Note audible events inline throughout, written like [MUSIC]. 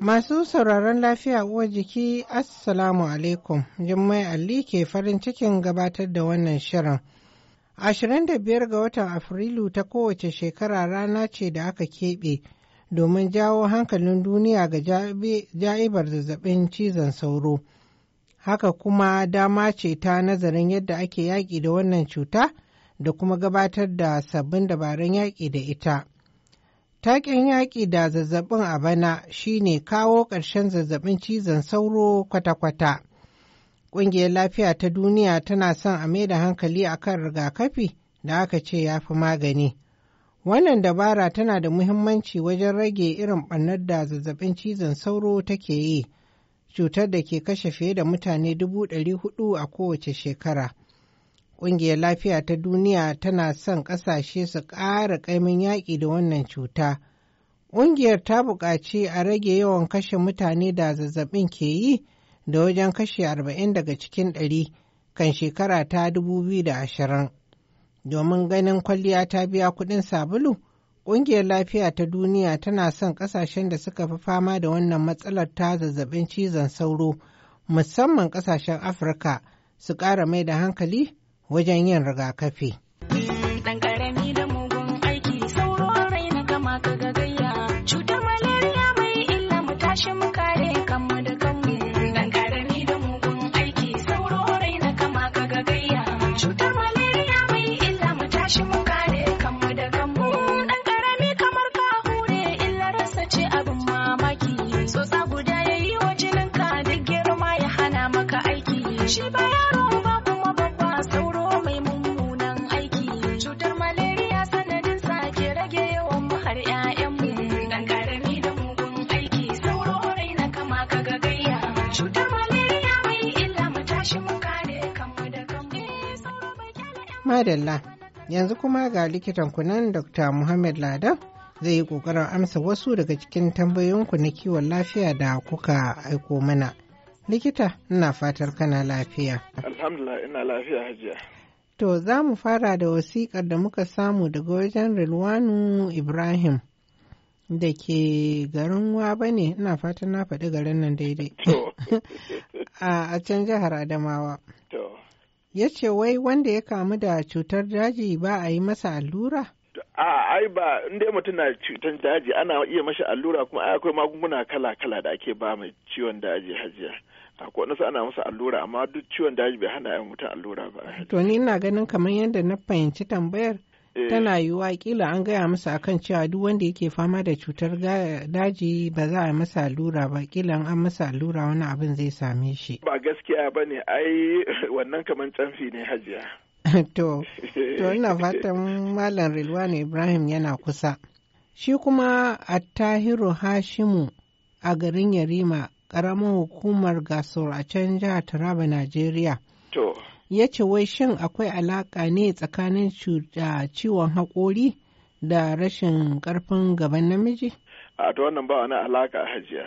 Masu sauraron lafiya uwa jiki Assalamu alaikum, Jummai Ali ke farin cikin gabatar da wannan shirin. 25 ga watan Afrilu ta kowace shekara rana ce da aka keɓe domin jawo hankalin duniya ga ja'ibar zazzabin cizon sauro. Haka kuma dama ce ta nazarin yadda ake yaƙi da wannan cuta da kuma gabatar da sabbin dabarun yaƙi da ita. Takin yaƙi da zazzabin a bana shine kawo ƙarshen zazzabin cizon sauro kwata-kwata. Ƙungiyar lafiya ta duniya tana son a mai da hankali a kan rigakafi da aka ce ya fi magani. Wannan dabara tana da muhimmanci wajen rage irin ɓannar da zazzabin cizon sauro take yi, cutar da ke kashe fiye da mutane dubu ɗari hudu a kowace shekara. Ƙungiyar Lafiya ta Duniya tana son ƙasashe su ƙara ƙaimin yaƙi da wannan cuta. Ƙungiyar ta buƙaci a rage yawan kashe mutane da zazzabin ke yi da wajen kashe 40 daga cikin 100 kan shekara ta 2020. Domin ganin kwalliya ta biya kuɗin sabulu, Ƙungiyar Lafiya ta Duniya tana son ƙasashen da suka fi fama da wannan matsalar ta zazzabin cizon sauro, musamman ƙasashen Afirka, su ƙara mai da hankali wajen yin rigakafi. Ɗan ƙarami da mugun aiki sauro rai na kama ka gagayya cutar malaria mai illa mu tashi mu kare madalla yanzu kuma ga likitan kunan dr muhammad ladan zai yi kokarin amsa wasu daga cikin tambayoyinku na kiwon lafiya da kuka aiko mana likita ina fatar kana lafiya alhamdulillah ina lafiya hajiya to za mu fara da wasiƙar da muka samu daga wajen rilwanu ibrahim da ke garin waba ne ina fatan na faɗi garin nan daidai [LAUGHS] a can jihar adamawa ya ce wai wanda ya kamu da cutar daji ba a yi masa allura? a ai ba inda mutum na cutar daji ana iya mashi allura kuma akwai magunguna kala-kala da ake ba mai ciwon daji hajiya akwai nasu ana masa allura amma duk ciwon daji bai hana ya mutum allura ba to ni ina ganin kamar yadda na fahimci tambayar Eh. tana yiwuwa kila an gaya masa akan cewa duk wanda yake fama da cutar daji ba za a masa allura ba kila an masa allura wani abin zai same shi ba gaskiya ba ne ai wannan kamar canfi ne hajiya [LAUGHS] to to ina fatan malam rilwan ibrahim yana kusa shi kuma attahiru hashimu a garin yarima ƙaramar hukumar gasor a can jihar taraba najeriya ya ce wai shin akwai alaƙa ne tsakanin ciwon haƙori da rashin ƙarfin gaban namiji? A ta wannan ba wani alaƙa hajiya.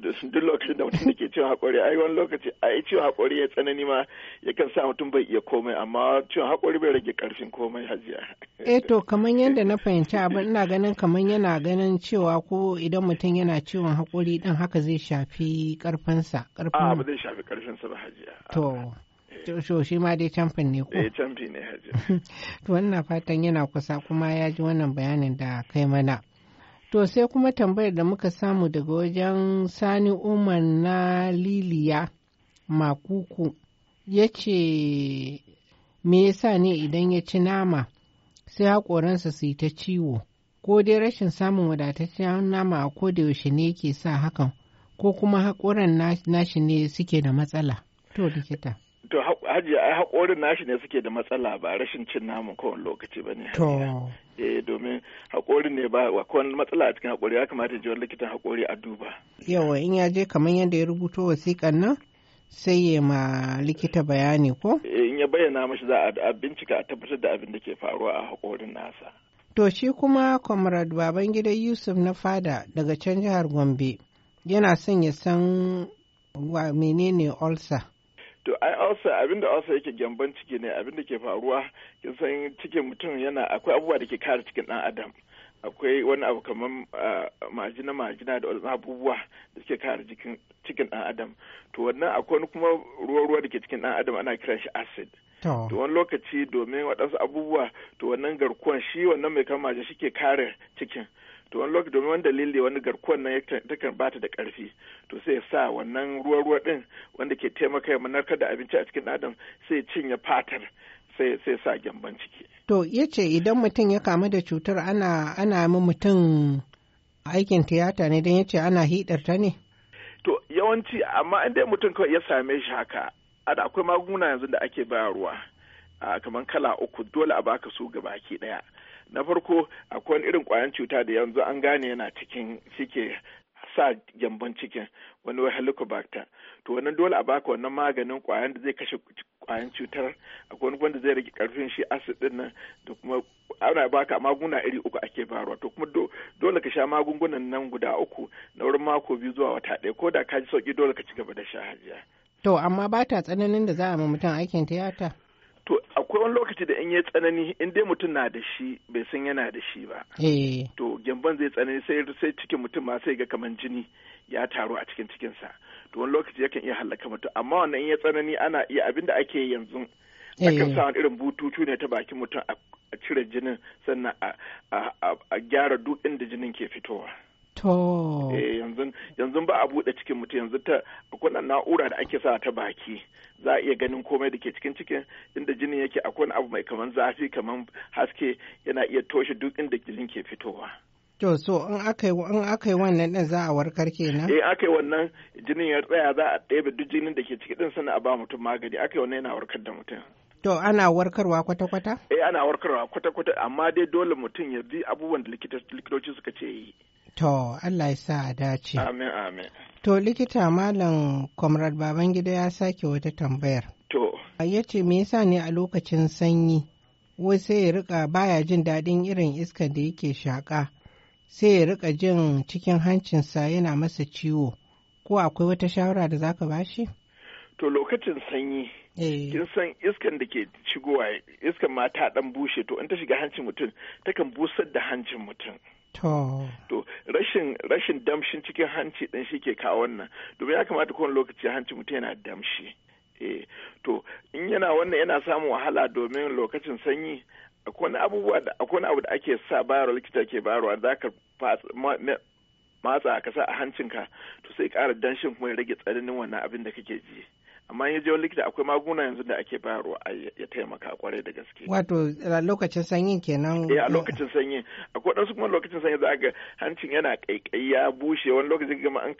duk lokacin da mutum ke ciwon haƙori ai wani lokaci ai ciwon haƙori ya tsanani ma yakan sa mutum bai iya komai amma ciwon haƙori bai rage ƙarfin komai hajiya eh to kamar yadda na fahimci abin ina ganin kamar yana ganin cewa ko idan mutum yana ciwon haƙori din haka zai shafi ƙarfinsa ƙarfin ba zai shafi ƙarfinsa ba hajiya to to shi ma dai camfin ne ko eh camfi ne wannan [LAUGHS] fatan yana kusa kuma ya ji wannan bayanin da kai mana to sai kuma tambayar da muka samu daga wajen sani umar na liliya makuku ya ce me yasa ne idan ya ci nama sai haƙoransa su yi ta ciwo ko dai rashin samun wadataccen nama a koda yaushe ne yake sa hakan ko kuma haƙoran nashi ne suke da matsala to likita To hajiya ai haƙorin nashi ne suke da matsala ba rashin cin namun kowane lokaci ba ne. To. Eh domin haƙorin ne ba kowane matsala a cikin haƙori ya kamata ji wani likitan haƙori a duba. Yawa in ya je kamar yadda ya rubuto wasiƙan nan sai ya ma likita bayani ko? Eh, in ya bayyana mashi za a bincika a tabbatar da abin da ke faruwa a haƙorin nasa. To shi kuma Comrade Babangida Yusuf na fada daga can jihar Gombe yana son ya san menene ulcer. to ai abin abinda ulcer yake gyamban ciki ne abinda ke faruwa kin san cikin mutum yana akwai abubuwa da ke kare cikin dan adam akwai wani abu kamar ah, majina majina da wasu abubuwa da suke kare cikin dan adam to wannan akwai kuma ruwa ruwa da ke cikin dan adam ana kiran shi acid to wani lokaci domin waɗansu abubuwa to wannan garkuwan shi wannan mai kama shi ke kare cikin to wani lokaci domin wani dalili wani garkuwan nan takan bata da karfi to sai ya sa wannan ruwa ruwa din wanda ke taimaka ya narkar da abinci a cikin adam sai cinye fatar sai sai sa gyamban ciki to yace idan mutum ya kamu da cutar ana ana mu mutum aikin tiyata ne don yace ana hidar ta ne to yawanci amma inda mutum kawai ya same shi haka ada akwai magunguna yanzu da ake bayarwa kamar kala uku dole a baka su gabaki daya na farko akwai irin kwayan cuta da yanzu an gane yana cikin suke sa gyambon cikin wani wai helicobacter to wannan dole a baka wannan maganin kwayan da zai kashe kwayan cutar akwai wani wanda zai rage karfin shi acid din nan da kuma ana baka magunguna iri uku ake barwa to kuma dole ka sha magungunan nan guda uku na wurin mako biyu zuwa wata ɗaya ko da ka ji sauki dole ka ci gaba da sha hajiya to amma ba ta tsananin da za a ma mutum aikin tiyata To akwai wani lokaci da in ya tsanani in dai mutum na da shi bai san yana da shi ba. Eh. To gyamban zai tsanani sai sai cikin mutum ma sai ga kamar jini ya taru a cikin cikin sa To wani lokaci yakan iya halaka mutum amma wannan in ya tsanani ana iya abin da ake yanzu. Akan eh. sa irin bututu ne ta bakin mutum a cire jinin sannan a gyara duk inda jinin ke fitowa. To. Eh yanzu yanzu ba a buɗe cikin mutu. yanzu ta akwai na'ura da ake sa ta baki za a iya ganin komai da ke cikin cikin inda jinin yake akwai abu mai kaman zafi kaman haske yana iya toshe duk inda jinin ke fitowa. To so in aka yi wannan din za a warkar kenan? Eh aka yi wannan jinin ya tsaya za a ɗebe duk jinin da ke ciki din sannan a ba mutum magani aka yi wannan yana warkar da mutum. To ana warkarwa kwata-kwata? Eh ana warkarwa kwata-kwata amma dai dole mutum ya bi abubuwan da likitoci suka ce yi. To, Allah ya sa a dace. Amin, amin. To, likita Malam Comrade Babangida ya sake wata tambayar. To. Ya ce, me yasa ne a lokacin sanyi, wai sai ya rika baya jin daɗin irin iskar da yake shaƙa, sai ya rika jin cikin hancinsa yana masa ciwo. Ko akwai wata shawara da za ka ba shi? To, lokacin sanyi, eh. kin san iskan da ke shigowa, iskan ma ta ɗan bushe, to in ta shiga hancin mutum, takan busar da hancin mutum. To rashin rashin damshin cikin hanci ɗin shi ke kawo wannan. Domin ya kamata kowane lokaci hanci mutum yana damshi. e to in yana wannan yana samun wahala domin lokacin sanyi akwai abubuwa abu da ake sa bayarwa likita ke bayarwa za ka matsa ka sa a hancinka to sai ƙara danshin kuma ya rage tsananin wannan abin da kake ji. amma ya je wani likita akwai magunguna yanzu da ake bayarwa ya taimaka kwarai da gaske wato lokacin sanyin kenan eh a lokacin sanyi akwai ɗansu kuma lokacin sanyi za ga hancin yana ƙaiƙayi ya bushe wani lokaci ga an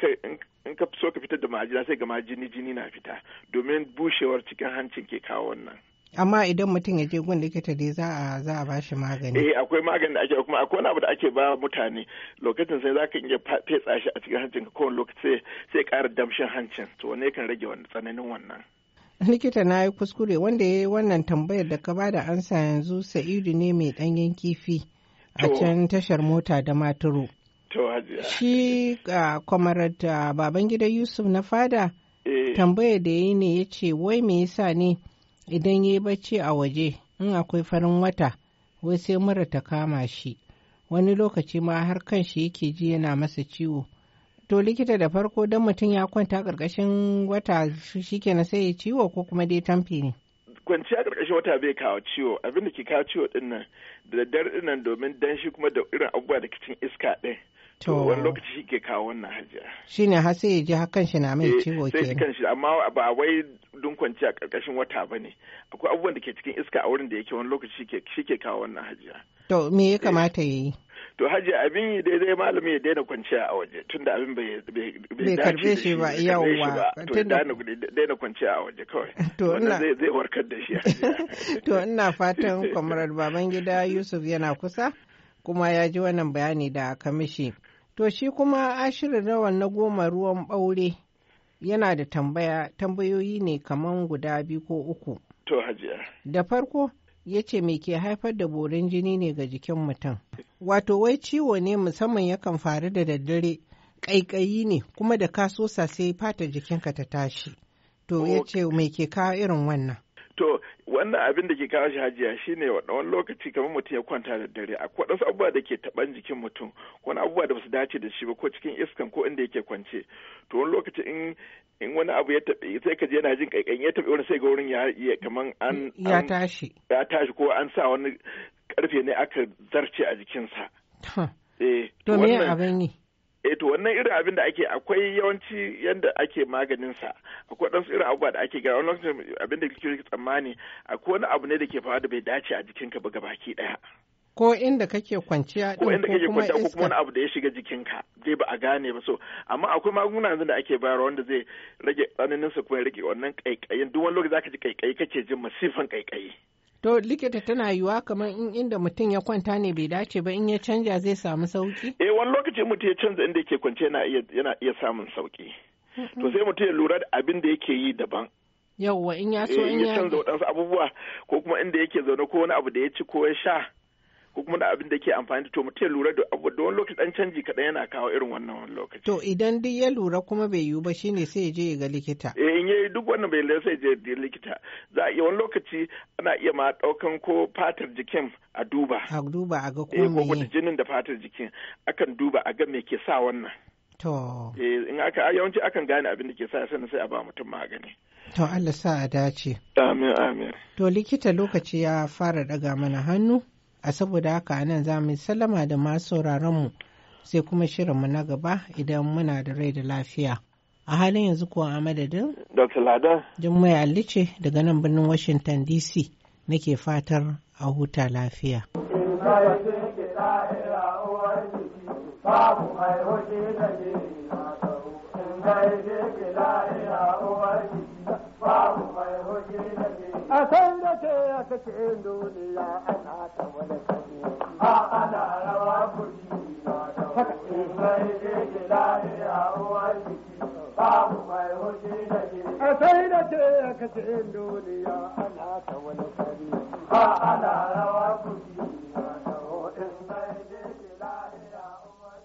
in ka so ka fitar da majina sai ga jini jini na fita domin bushewar cikin hancin ke kawo wannan amma idan mutum ya je gun likita dai za a za a bashi magani eh akwai magani da ake kuma akwai wani abu da ake ba mutane lokacin sai zaka iya fetsa shi a cikin hancin ka kowane lokaci sai ƙara damshin hancin to ne kan rage wannan tsananin wannan likita na yi kuskure wanda ya yi wannan tambayar da ka bada ansa yanzu sa'idu ne mai ɗanyen kifi a can tashar mota da maturu shi kwamarar baban babangida yusuf na fada eh. tambayar da ya yi ne ya ce wai me yasa ne idan ya yi bacci a waje in akwai farin wata wai sai mura ta kama shi wani lokaci ma har kan shi yake ji yana masa ciwo to likita da farko don mutum ya kwanta karkashin wata na sai ya ciwo ko kuma dai tamfi ne kwanciya karkashin wata bai kawo ciwo abinda da ke kawo ciwo din da daddare din nan domin danshi kuma da irin abubuwa da kicin iska ɗin to wani lokaci shi ke kawo wannan hajiya shi ne har sai ya ji hakan shi na mai eh, ciwo ke sai kan shi amma ba wai dun kwanci a karkashin wata ba ne akwai abubuwan da ke cikin iska a wurin da yake wani lokaci shi ke kawo wannan hajiya to me ya eh. kamata ya yi to hajji abin yi daidai malami ya daina kwanciya a waje tunda abin bai da shi ba yawwa to daina kwanciya a waje kawai [LAUGHS] to ina zai warkar da shi [LAUGHS] to ina fatan kwamarar [LAUGHS] baban gida yusuf yana kusa kuma ya ji wannan bayani da kamishi To shi kuma ashirin rawan na goma ruwan ɓaure yana da tambaya tambayoyi ne kaman guda biyu ko uku. To hajiya. Da farko ya ce me ke haifar da borin jini ne ga jikin mutum. Wato wai ciwo ne musamman yakan faru da daddare ƙaiƙayi ne kuma da ka sai fata jikinka ta tashi. To ya ce me ke kawo irin wannan. to wannan abin da ke kawo shi hajiya shine wani lokaci kamar mutum ya kwanta da dare ko wasu abubuwa da ke taban jikin mutum wani abubuwa da basu dace da shi ba ko cikin iskan ko inda yake kwance to wani lokaci in in wani abu ya taɓe sai ka je yana jin kaikan ya taɓe wani sai ga wurin ya kaman an ya tashi ya tashi ko an sa wani karfe ne aka zarce a jikinsa eh to me abin yi e to wannan irin abin da ake akwai yawanci yanda ake maganin sa akwai dan irin abubuwa da ake ga wani abin da kike tsammani akwai wani abu ne da ke faruwa da bai dace a jikin ka ba gabaki daya ko inda kake kwanciya ko inda kake kwanciya ko kuma wani abu da ya shiga jikin ka zai ba a gane ba so amma akwai magunguna yanzu da ake bayarwa wanda zai rage tsananin sa kuma ya rage wannan kaikayin duk wani lokaci zaka ji kaikayi kake jin masifan kaikayi To likita tana yiwuwa kamar in inda mutum ya kwanta ne bai dace ba in ya canja zai samu sauki? Eh wani lokaci mutum ya canza inda yake kwance yana iya samun sauki. To sai mutum ya lura da abin da yake yi daban. Yawwa in ya so eh, in ya canza waɗansu abubuwa ko kuma inda yake zaune ko wani abu da ya ci ko ya sha ko kuma da abin da ke amfani da to mutum ya lura da abu da wani lokaci dan canji kaɗan yana kawo irin wannan wani lokaci. To idan duk ya lura kuma bai yiwu ba shine sai ya je ya ga likita. Eh in yayi duk wannan bai lura sai ya je likita. Za a iya wani lokaci ana iya ma ɗaukan ko fatar jikin a duba. A duba a ga ko me. Eh, ko jinin da fatar jikin akan duba a ga me ke sa wannan. To. Eh in aka yawanci akan gane abin da ke sa sannan sai a ba mutum magani. To Allah sa a dace. Amin amin. To likita lokaci ya fara daga mana hannu. a saboda haka nan, za mu sallama da masu sauraronmu sai kuma shirin mu na gaba idan muna da rai da lafiya. A halin yanzu kuwa a madadin? Dr. Lada. Jummai Alice daga nan birnin Washington DC nake fatar a huta lafiya. A ce a cikin duniya ana ta wani kare a ana rawa kuri na da wani gida ne a ruwan jiki babu mai hoji da ke a sai da ce a cikin duniya ana ta wani kare a ana rawa kuri